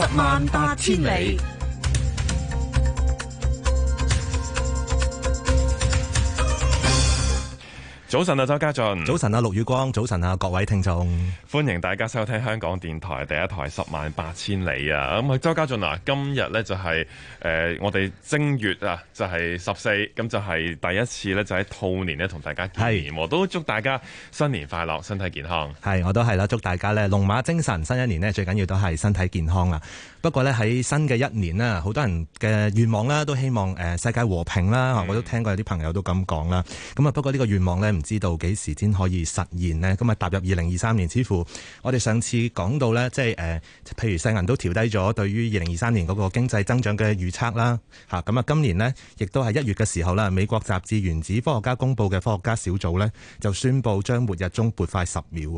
十萬八千里。早晨啊，周家俊！早晨啊，陸宇光！早晨啊，各位聽眾！歡迎大家收聽香港電台第一台十萬八千里啊！咁啊，周家俊啊，今日呢就係、是、誒、呃，我哋正月啊，就係十四，咁就係第一次呢，就喺兔年呢。同大家係，是我都祝大家新年快樂，身體健康。係，我都係啦，祝大家呢，龍馬精神，新一年呢，最緊要都係身體健康啊。不過呢，喺新嘅一年呢，好多人嘅願望咧都希望誒世界和平啦，我都聽過有啲朋友都咁講啦。咁啊不過呢個願望呢，唔知道幾時先可以實現呢。咁啊踏入二零二三年，似乎我哋上次講到呢，即係譬如世銀都調低咗對於二零二三年嗰個經濟增長嘅預測啦。咁啊今年呢，亦都係一月嘅時候啦，美國雜誌原子科學家公布嘅科學家小組呢，就宣佈將末日鐘撥快十秒。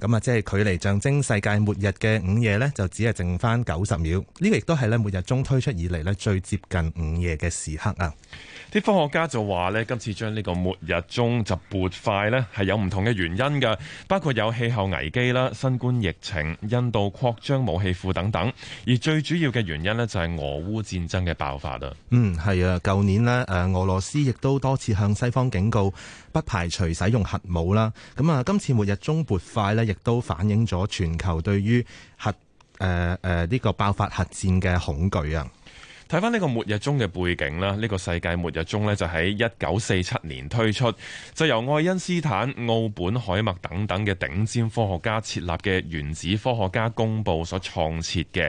咁啊即係距離象徵世界末日嘅午夜呢，就只係剩翻九十秒。呢個亦都係咧末日鐘推出以嚟咧最接近午夜嘅時刻啊！啲科學家就話呢，今次將呢個末日鐘就撥快呢係有唔同嘅原因嘅，包括有氣候危機啦、新冠疫情、印度擴張武器庫等等，而最主要嘅原因呢，就係俄烏戰爭嘅爆發啦。嗯，係啊，舊年呢，誒，俄羅斯亦都多次向西方警告，不排除使用核武啦。咁啊，今次末日鐘撥快呢，亦都反映咗全球對於核。誒誒，呢個爆發核戰嘅恐懼啊！睇翻呢個末日鐘嘅背景啦，呢、這個世界末日鐘呢，就喺一九四七年推出，就由愛因斯坦、奧本海默等等嘅頂尖科學家設立嘅原子科學家公布所創設嘅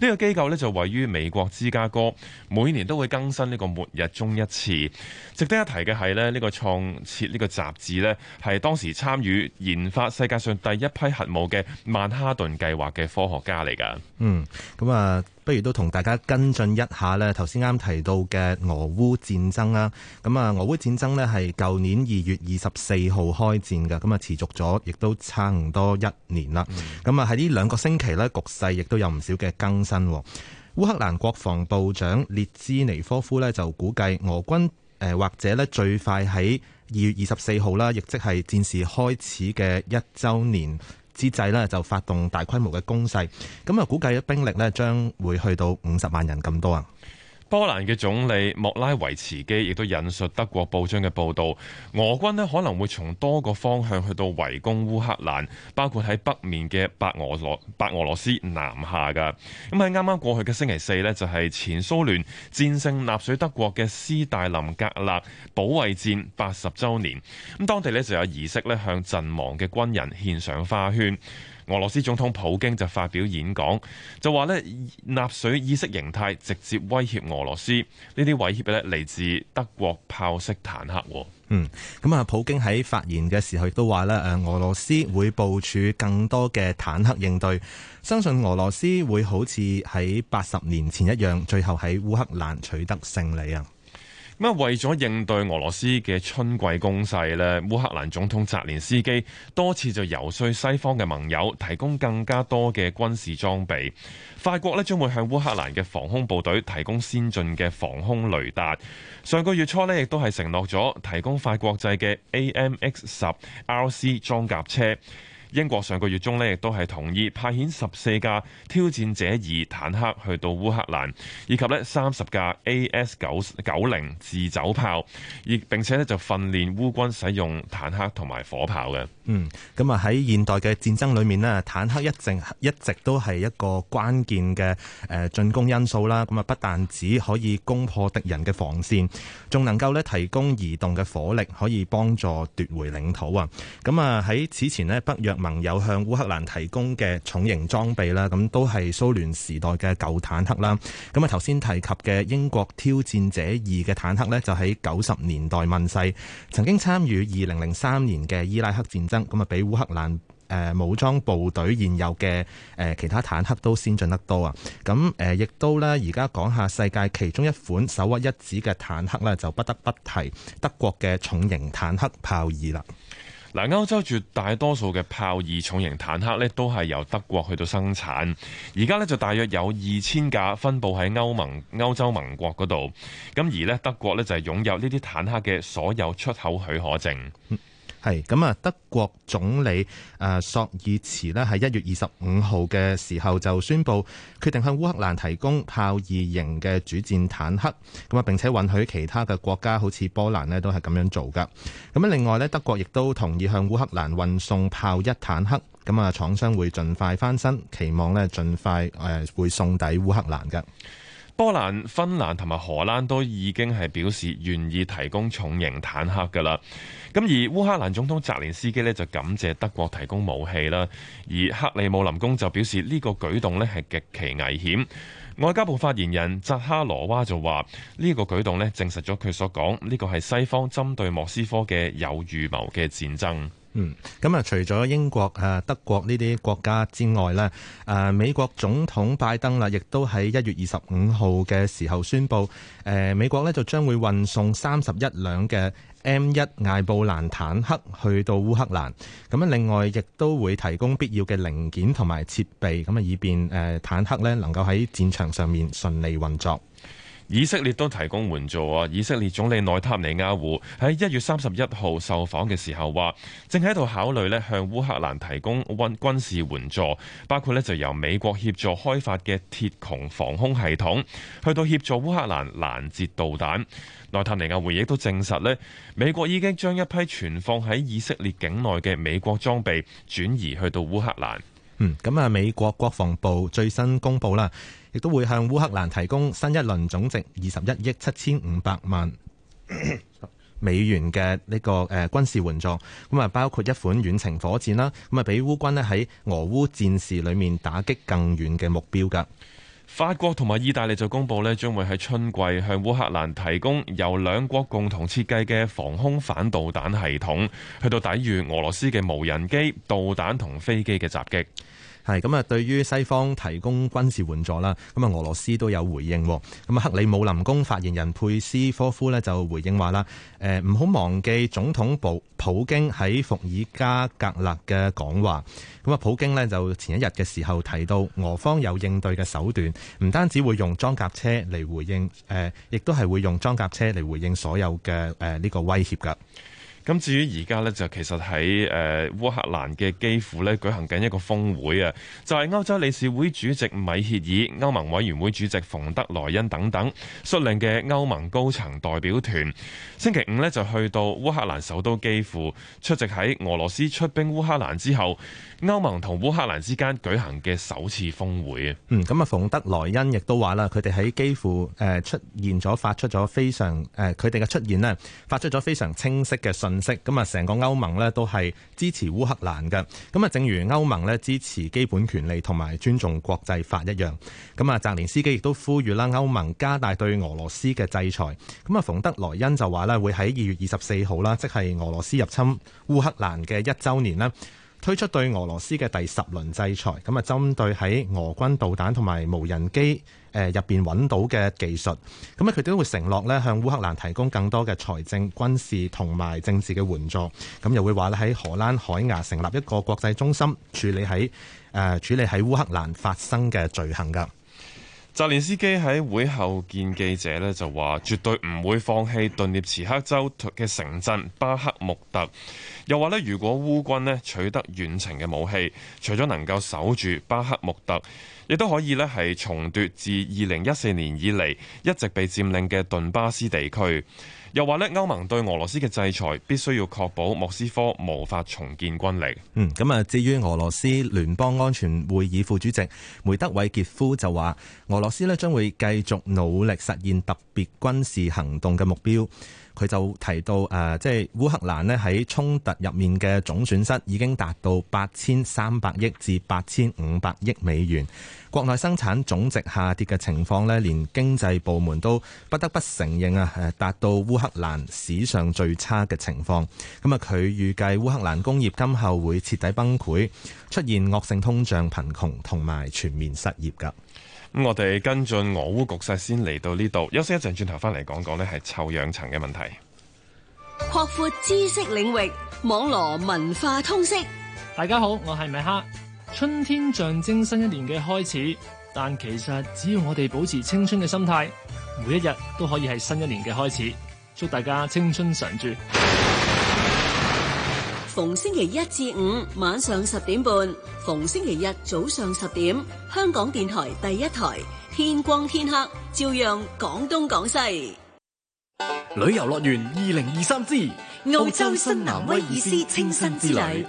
呢個機構呢，就位於美國芝加哥，每年都會更新呢個末日鐘一次。值得一提嘅係呢呢個創設呢個雜誌呢，係當時參與研發世界上第一批核武嘅曼哈頓計劃嘅科學家嚟㗎。嗯，咁啊。不如都同大家跟進一下咧，頭先啱提到嘅俄烏戰爭啦。咁啊，俄烏戰爭呢係舊年二月二十四號開戰嘅，咁啊持續咗，亦都差唔多一年啦。咁啊喺呢兩個星期呢，局勢亦都有唔少嘅更新。烏克蘭國防部長列茲尼科夫呢，就估計俄軍、呃、或者呢最快喺二月二十四號啦，亦即係戰事開始嘅一週年之際呢，就發動大規模嘅攻勢，咁啊，估計嘅兵力呢將會去到五十萬人咁多啊。波蘭嘅總理莫拉維茨基亦都引述德國報章嘅報道，俄軍呢可能會從多個方向去到圍攻烏克蘭，包括喺北面嘅白俄羅白俄羅斯南下噶。咁喺啱啱過去嘅星期四呢，就係前蘇聯戰勝納粹德國嘅斯大林格勒保衛戰八十周年，咁當地呢，就有儀式呢向陣亡嘅軍人獻上花圈。俄羅斯總統普京就發表演講，就話咧納粹意識形態直接威脅俄羅斯，呢啲威脅咧嚟自德國炮式坦克。嗯，咁啊，普京喺發言嘅時候亦都話咧，誒，俄羅斯會部署更多嘅坦克應對，相信俄羅斯會好似喺八十年前一樣，最後喺烏克蘭取得勝利啊！咁啊，為咗應對俄羅斯嘅春季攻勢咧，烏克蘭總統澤連斯基多次就遊說西方嘅盟友提供更加多嘅軍事裝備。法國咧將會向烏克蘭嘅防空部隊提供先進嘅防空雷達。上個月初呢亦都係承諾咗提供法國製嘅 AMX 10 RC 裝甲車。英國上個月中呢，亦都係同意派遣十四架挑戰者二坦克去到烏克蘭，以及呢三十架 AS 九九零自走炮，而並且呢，就訓練烏軍使用坦克同埋火炮嘅。嗯，咁啊喺現代嘅戰爭裏面呢，坦克一直一直都係一個關鍵嘅誒進攻因素啦。咁啊不但止可以攻破敵人嘅防線，仲能夠呢提供移動嘅火力，可以幫助奪回領土啊。咁啊喺此前呢，北約盟友向烏克蘭提供嘅重型裝備啦，咁都係蘇聯時代嘅舊坦克啦。咁啊，頭先提及嘅英國挑戰者二嘅坦克咧，就喺九十年代問世，曾經參與二零零三年嘅伊拉克戰爭，咁啊，比烏克蘭誒武裝部隊現有嘅誒其他坦克都先進得多啊。咁誒，亦都咧而家講下世界其中一款首屈一指嘅坦克咧，就不得不提德國嘅重型坦克豹二啦。嗱，歐洲絕大多數嘅豹二重型坦克咧，都係由德國去到生產。而家咧就大約有二千架分佈喺歐盟、歐洲盟國嗰度。咁而咧德國咧就係擁有呢啲坦克嘅所有出口許可證。係咁啊！德國總理誒索爾茨呢，喺一月二十五號嘅時候就宣布決定向烏克蘭提供豹二型嘅主戰坦克咁啊，並且允許其他嘅國家好似，波蘭呢都係咁樣做噶。咁啊，另外呢，德國亦都同意向烏克蘭運送豹一坦克咁啊，廠商會盡快翻身，期望呢，盡快誒會送抵烏克蘭嘅。波蘭、芬蘭同埋荷蘭都已經係表示願意提供重型坦克噶啦，咁而烏克蘭總統澤連斯基呢，就感謝德國提供武器啦，而克里姆林宮就表示呢個舉動呢係極其危險。外交部發言人扎哈羅娃就話：呢個舉動呢證實咗佢所講呢個係西方針對莫斯科嘅有預謀嘅戰爭。嗯，咁、嗯、啊，除咗英國、啊、德國呢啲國家之外咧、啊，美國總統拜登啦，亦、啊、都喺一月二十五號嘅時候宣布，啊、美國呢就將會運送三十一輛嘅 M 一艾布蘭坦克去到烏克蘭。咁啊，另外亦都會提供必要嘅零件同埋設備，咁啊，以便坦克呢能夠喺戰場上面順利運作。以色列都提供援助啊！以色列總理內塔尼亞胡喺一月三十一號受訪嘅時候話正喺度考慮咧向烏克蘭提供軍事援助，包括咧就由美國協助開發嘅鐵穹防空系統去到協助烏克蘭攔截導彈，內塔尼亞胡亦都證實咧，美國已經將一批存放喺以色列境內嘅美國裝備轉移去到烏克蘭。嗯，咁啊，美國國防部最新公布啦，亦都會向烏克蘭提供新一輪總值二十一億七千五百萬美元嘅呢、這個誒、呃、軍事援助。咁啊，包括一款遠程火箭啦，咁啊，俾烏軍咧喺俄烏戰事裏面打擊更遠嘅目標噶。法國同埋意大利就公布咧，將會喺春季向烏克蘭提供由兩國共同設計嘅防空反導彈系統，去到抵禦俄羅斯嘅無人機、導彈同飛機嘅襲擊。係咁啊！對於西方提供軍事援助啦，咁啊，俄羅斯都有回應。咁啊，克里姆林宮發言人佩斯科夫咧就回應話啦，誒唔好忘記總統普普京喺伏爾加格勒嘅講話。咁啊普京咧就前一日嘅時候提到俄方有應對嘅手段，唔單止會用裝甲車嚟回應，誒、呃、亦都係會用裝甲車嚟回應所有嘅誒呢個威脅噶。咁至於而家呢，就其實喺誒烏克蘭嘅基輔咧舉行緊一個峰會啊！就係、是、歐洲理事會主席米歇爾、歐盟委員會主席馮德萊恩等等率領嘅歐盟高層代表團，星期五呢，就去到烏克蘭首都基輔出席喺俄羅斯出兵烏克蘭之後，歐盟同烏克蘭之間舉行嘅首次峰會啊！嗯，咁啊，馮德萊恩亦都話啦，佢哋喺基輔誒出現咗，發出咗非常誒佢哋嘅出現呢，發出咗非常清晰嘅信息。咁啊，成個歐盟咧都係支持烏克蘭嘅。咁啊，正如歐盟咧支持基本權利同埋尊重國際法一樣。咁啊，澤連斯基亦都呼籲啦，歐盟加大對俄羅斯嘅制裁。咁啊，馮德萊恩就話咧，會喺二月二十四號啦，即係俄羅斯入侵烏克蘭嘅一週年啦，推出對俄羅斯嘅第十輪制裁，咁啊，針對喺俄軍導彈同埋無人機誒入邊揾到嘅技術，咁啊，佢都會承諾咧向烏克蘭提供更多嘅財政、軍事同埋政治嘅援助，咁又會話咧喺荷蘭海牙成立一個國際中心處理喺，呃，處理喺誒處理喺烏克蘭發生嘅罪行噶。澤連斯基喺會後見記者呢就話絕對唔會放棄頓涅茨克州嘅城鎮巴克穆特，又話呢，如果烏軍呢取得遠程嘅武器，除咗能夠守住巴克穆特，亦都可以呢係重奪自2014年以嚟一直被佔領嘅頓巴斯地區。又話咧歐盟對俄羅斯嘅制裁，必須要確保莫斯科無法重建軍力。嗯，咁啊，至於俄羅斯聯邦安全會議副主席梅德韋傑夫就話，俄羅斯呢將會繼續努力實現特別軍事行動嘅目標。佢就提到誒、呃，即係烏克蘭呢喺衝突入面嘅總損失已經達到八千三百億至八千五百億美元，國內生產總值下跌嘅情況呢連經濟部門都不得不承認啊，達到烏克蘭史上最差嘅情況。咁啊，佢預計烏克蘭工業今後會徹底崩潰，出現惡性通脹、貧窮同埋全面失業噶。咁我哋跟進俄烏局勢先嚟到呢度，休息一陣，轉頭翻嚟講講呢係臭氧層嘅問題。擴闊知識領域，網羅文化通識。大家好，我係米克。春天象徵新一年嘅開始，但其實只要我哋保持青春嘅心態，每一日都可以係新一年嘅開始。祝大家青春常駐。逢星期一至五晚上十點半，逢星期日早上十點，香港電台第一台，天光天黑照樣講東講西。旅遊樂園二零二三之澳洲新南威爾斯清新之旅。之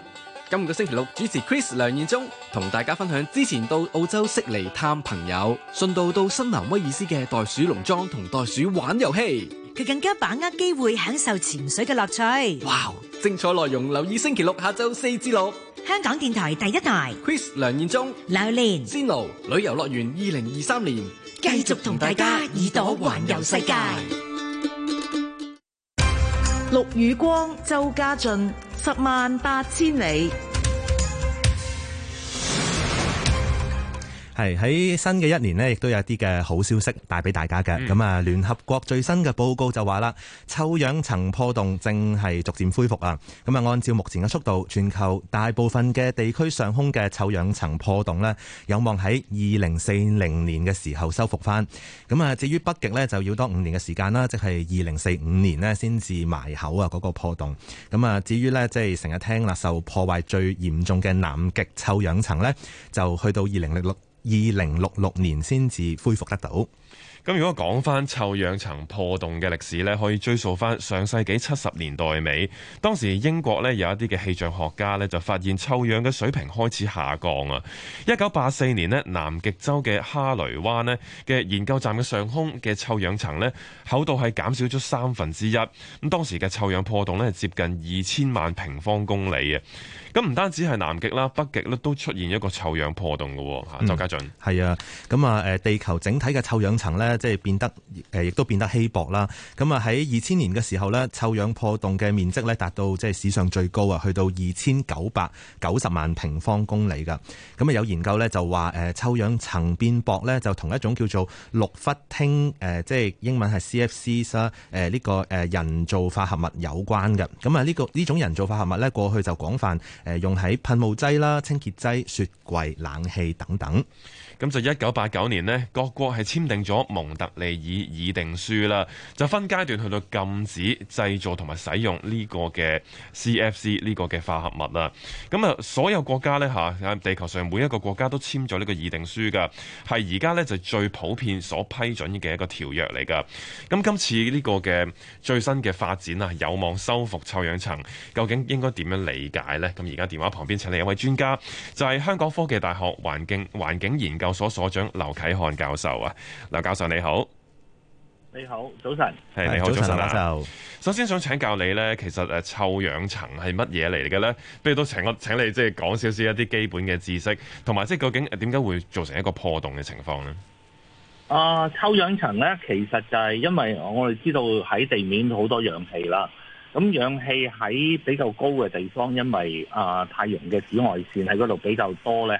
今個星期六主持 Chris 梁燕中同大家分享之前到澳洲悉尼探朋友，順道到新南威爾斯嘅袋鼠農莊同袋鼠玩遊戲。佢更加把握機會享受潛水嘅樂趣。哇！精彩內容，留意星期六下晝四至六。香港電台第一台，Chris 梁燕忠，劉蓮，仙奴，旅遊樂園二零二三年，繼續同大家耳朵環遊世界。陸雨光，周家俊，十萬八千里。係喺新嘅一年呢，亦都有一啲嘅好消息帶俾大家嘅。咁啊、嗯，聯合國最新嘅報告就話啦，臭氧層破洞正係逐漸恢復啊。咁啊，按照目前嘅速度，全球大部分嘅地區上空嘅臭氧層破洞呢，有望喺二零四零年嘅時候修復翻。咁啊，至於北極呢，就要多五年嘅時間啦，即係二零四五年呢先至埋口啊嗰個破洞。咁啊，至於呢，即係成日聽啦，受破壞最嚴重嘅南極臭氧層呢，就去到二零六六。二零六六年先至恢復得到。咁如果講翻臭氧層破洞嘅歷史呢，可以追溯翻上世紀七十年代尾，當時英國呢有一啲嘅氣象學家呢就發現臭氧嘅水平開始下降啊。一九八四年呢，南極洲嘅哈雷灣呢嘅研究站嘅上空嘅臭氧層呢，厚度係減少咗三分之一。咁當時嘅臭氧破洞呢，接近二千萬平方公里啊。咁唔單止係南極啦，北極咧都出現一個臭氧破洞嘅。周家俊，係啊，咁啊，地球整體嘅臭氧層咧，即係變得亦都變得稀薄啦。咁啊，喺二千年嘅時候咧，臭氧破洞嘅面積咧，達到即係史上最高啊，去到二千九百九十萬平方公里㗎。咁啊，有研究咧就話臭氧層變薄咧，就同一種叫做氯氟烴，即係英文係 CFC 啦，呢個人造化合物有關嘅。咁啊，呢個呢種人造化合物咧，過去就廣泛。用喺噴霧劑啦、清潔劑、雪櫃、冷氣等等。咁就一九八九年咧，各國係簽訂咗蒙特利爾議定書啦，就分階段去到禁止製造同埋使用呢個嘅 CFC 呢個嘅化合物啦，咁啊，所有國家咧吓，地球上每一個國家都簽咗呢個議定書噶，係而家咧就是、最普遍所批准嘅一個條約嚟噶。咁今次呢個嘅最新嘅發展啊，有望修復臭氧層，究竟應該點樣理解咧？咁而家電話旁邊請嚟一位專家，就係、是、香港科技大學環境環境研究。究所所長劉啟漢教授啊，劉教授你好，你好早晨，係你好早晨教授啊。首先想請教你咧，其實誒，臭氧層係乜嘢嚟嘅咧？不如都請我，請你即係講少少一啲基本嘅知識，同埋即係究竟點解會造成一個破洞嘅情況、呃、呢？啊，臭氧層咧，其實就係因為我哋知道喺地面好多氧氣啦，咁氧氣喺比較高嘅地方，因為啊、呃、太陽嘅紫外線喺嗰度比較多咧。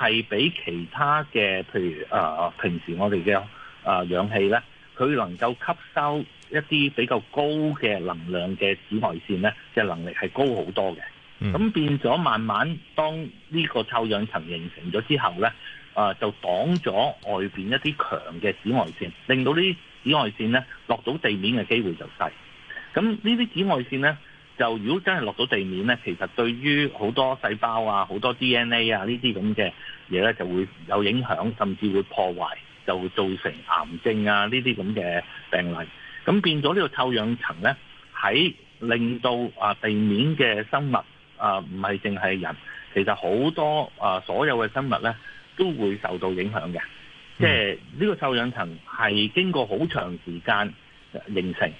係比其他嘅，譬如誒、呃、平時我哋嘅誒氧氣咧，佢能夠吸收一啲比較高嘅能量嘅紫外線咧嘅能力係高好多嘅。咁變咗慢慢，當呢個臭氧層形成咗之後咧，誒、呃、就擋咗外邊一啲強嘅紫外線，令到呢啲紫外線咧落到地面嘅機會就細。咁呢啲紫外線咧。就如果真係落到地面咧，其實對於好多細胞啊、好多 DNA 啊呢啲咁嘅嘢咧，就會有影響，甚至會破壞，就會造成癌症啊呢啲咁嘅病例。咁變咗呢個臭氧層咧，喺令到啊地面嘅生物啊，唔係淨係人，其實好多啊所有嘅生物咧都會受到影響嘅。即係呢個臭氧層係經過好長時間形成。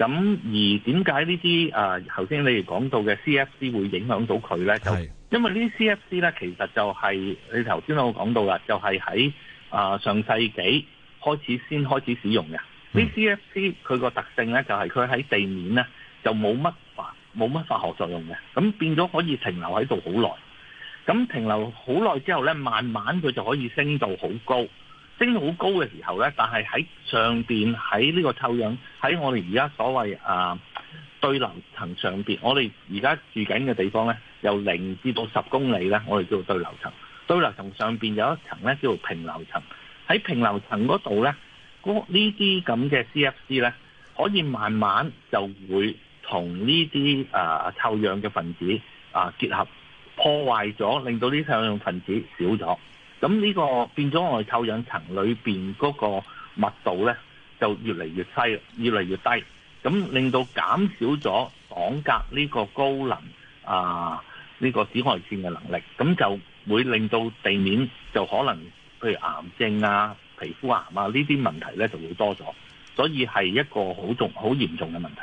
咁而點解呢啲啊頭先你哋講到嘅 CFC 會影響到佢呢？是就因為呢啲 CFC 呢，其實就係、是、你頭先我講到噶，就係喺啊上世紀開始先開始使用嘅呢啲 CFC。佢、嗯、個特性呢，就係佢喺地面呢，就冇乜化冇乜化學作用嘅，咁變咗可以停留喺度好耐。咁停留好耐之後呢，慢慢佢就可以升到好高。升好高嘅時候咧，但係喺上邊，喺呢個臭氧，喺我哋而家所謂啊對流層上邊，我哋而家住緊嘅地方咧，由零至到十公里咧，我哋叫做對流層。對流層上邊有一層咧，叫做平流層。喺平流層嗰度咧，呢啲咁嘅 CFC 咧，可以慢慢就會同呢啲啊臭氧嘅分子啊結合，破壞咗，令到啲臭氧分子少咗。咁呢個變咗，外臭氧層裏邊嗰個密度呢，就越嚟越，越，越細，越嚟越低。咁令到減少咗擋隔呢個高能啊呢個紫外線嘅能力，咁就會令到地面就可能譬如癌症啊、皮膚癌啊呢啲問題呢就會多咗，所以係一個好重、好嚴重嘅問題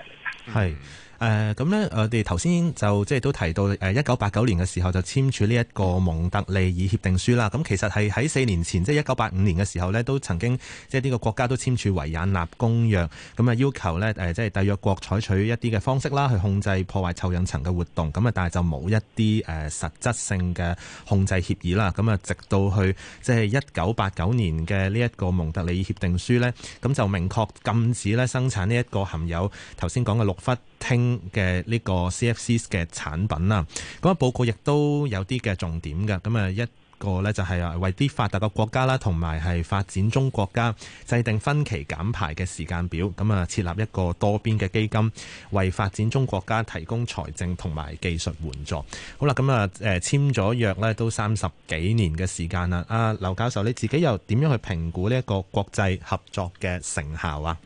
嚟嘅。係。誒咁呢，呃、我哋頭先就即係都提到誒，一九八九年嘅時候就簽署呢一個蒙特利爾協定書啦。咁其實係喺四年前，即係一九八五年嘅時候呢，都曾經即係呢個國家都簽署維也納公約，咁啊要求呢，即係締約國採取一啲嘅方式啦，去控制破壞臭氧層嘅活動。咁啊，但係就冇一啲誒實質性嘅控制協議啦。咁啊，直到去即係一九八九年嘅呢一個蒙特利爾協定書呢，咁就明確禁止咧生產呢一個含有頭先講嘅六氟聽嘅呢個 CFCs 嘅產品啦，咁啊，報告亦都有啲嘅重點嘅，咁啊一個咧就係為啲發達嘅國家啦，同埋係發展中國家制定分期減排嘅時間表，咁啊設立一個多邊嘅基金，為發展中國家提供財政同埋技術援助。好啦，咁啊誒簽咗約咧都三十幾年嘅時間啦，啊，劉教授你自己又點樣去評估呢一個國際合作嘅成效啊？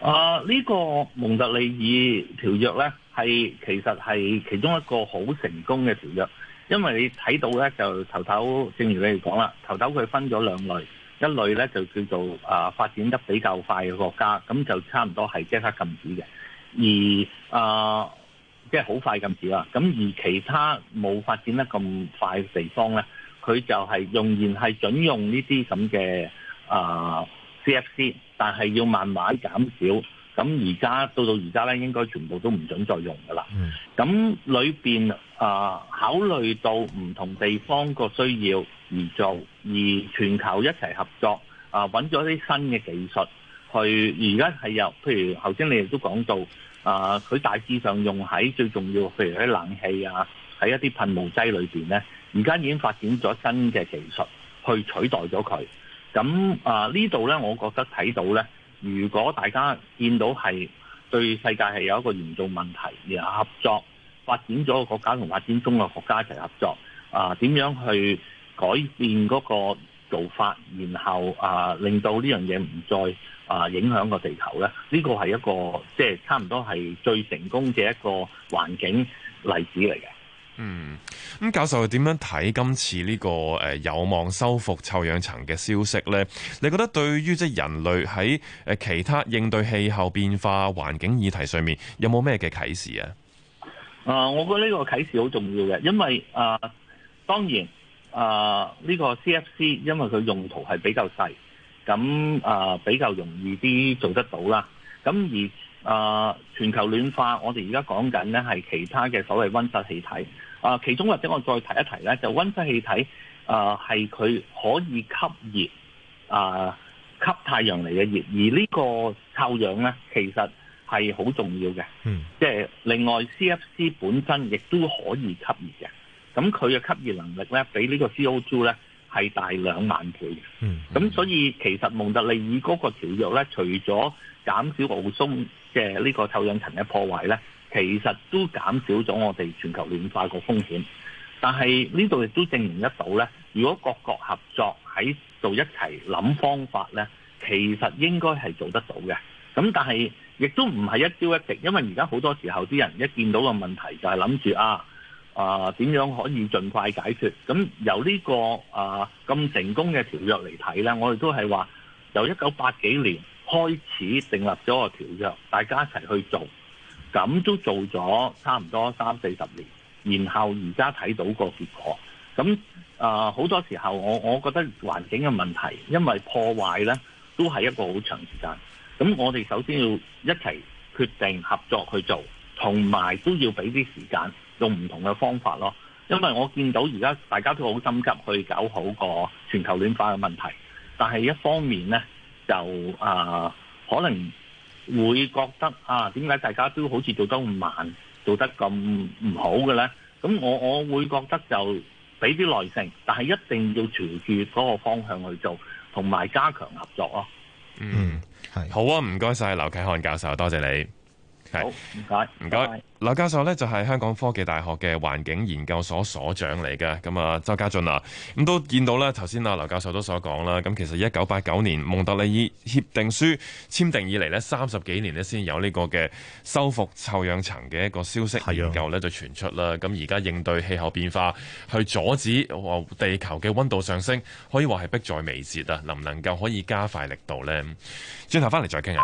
啊！呢個蒙特利爾條約咧，係其實係其中一個好成功嘅條約，因為你睇到咧，就頭頭正如你哋講啦，頭頭佢分咗兩類，一類咧就叫做啊發展得比較快嘅國家，咁就差唔多係即刻禁止嘅，而啊即係好快禁止啦。咁而其他冇發展得咁快嘅地方咧，佢就係仍然係準用呢啲咁嘅啊 CFC。但係要慢慢減少，咁而家到到而家咧，應該全部都唔准再用噶啦。咁裏邊啊，考慮到唔同地方個需要而做，而全球一齊合作啊，揾咗啲新嘅技術去。而家係由，譬如頭先你哋亦都講到啊，佢大致上用喺最重要，譬如喺冷氣啊，喺一啲噴霧劑裏邊咧，而家已經發展咗新嘅技術去取代咗佢。咁啊呢度呢，我覺得睇到呢，如果大家見到係對世界係有一個嚴重問題，然後合作發展咗個國家同發展中嘅國家一齊合作，啊點樣去改變嗰個做法，然後啊令到呢樣嘢唔再啊影響個地球呢？呢個係一個即係差唔多係最成功嘅一個環境例子嚟嘅。嗯，咁教授又點樣睇今次呢個誒有望修復臭氧層嘅消息呢？你覺得對於即係人類喺誒其他應對氣候變化環境議題上面有冇咩嘅啟示啊？啊、呃，我覺得呢個啟示好重要嘅，因為啊、呃，當然啊呢、呃呢個 CFC 因為佢用途係比較細，咁、呃、比較容易啲做得到啦。咁而、呃、全球暖化，我哋而家講緊呢係其他嘅所謂溫室氣體。啊，其中或者我再提一提咧，就溫室氣體啊，係、呃、佢可以吸熱啊、呃，吸太陽嚟嘅熱。而呢個臭氧咧，其實係好重要嘅。嗯，即係另外 CFC 本身亦都可以吸熱嘅。咁佢嘅吸熱能力咧，比呢個 CO 呢個 CO2 咧係大兩萬倍嘅，嗯。嗯，咁所以其實蒙特利爾嗰個條約咧，除咗減少奧松嘅呢個臭氧層嘅破壞咧，其實都減少咗我哋全球暖化個風險，但係呢度亦都證明得到咧，如果各國合作喺度一齊諗方法咧，其實應該係做得到嘅。咁但係亦都唔係一朝一夕，因為而家好多時候啲人一見到個問題就係諗住啊啊點樣可以盡快解決。咁由呢個啊咁成功嘅條約嚟睇咧，我哋都係話由一九八幾年開始訂立咗個條約，大家一齊去做。咁都做咗差唔多三四十年，然後而家睇到個結果，咁啊好多時候我我覺得環境嘅問題，因為破壞呢都係一個好長時間。咁我哋首先要一齊決定合作去做，同埋都要俾啲時間用唔同嘅方法咯。因為我見到而家大家都好心急去搞好個全球暖化嘅問題，但係一方面呢，就啊、呃、可能。會覺得啊，點解大家都好似做得唔慢，做得咁唔好嘅咧？咁我我會覺得就俾啲耐性，但係一定要隨住嗰個方向去做，同埋加強合作咯。嗯，係好啊，唔該晒劉啟漢教授，多謝你。係，唔該，唔該，劉教授呢，就係香港科技大學嘅環境研究所所長嚟嘅，咁啊，周家俊啊，咁都見到啦。頭先啊劉教授都所講啦，咁其實一九八九年蒙特利爾協定書簽訂以嚟呢，三十幾年呢先有呢個嘅修復臭氧層嘅一個消息研究呢就傳出啦，咁而家應對氣候變化去阻止或地球嘅溫度上升，可以話係迫在眉睫啊，能唔能夠可以加快力度呢？轉頭翻嚟再傾下。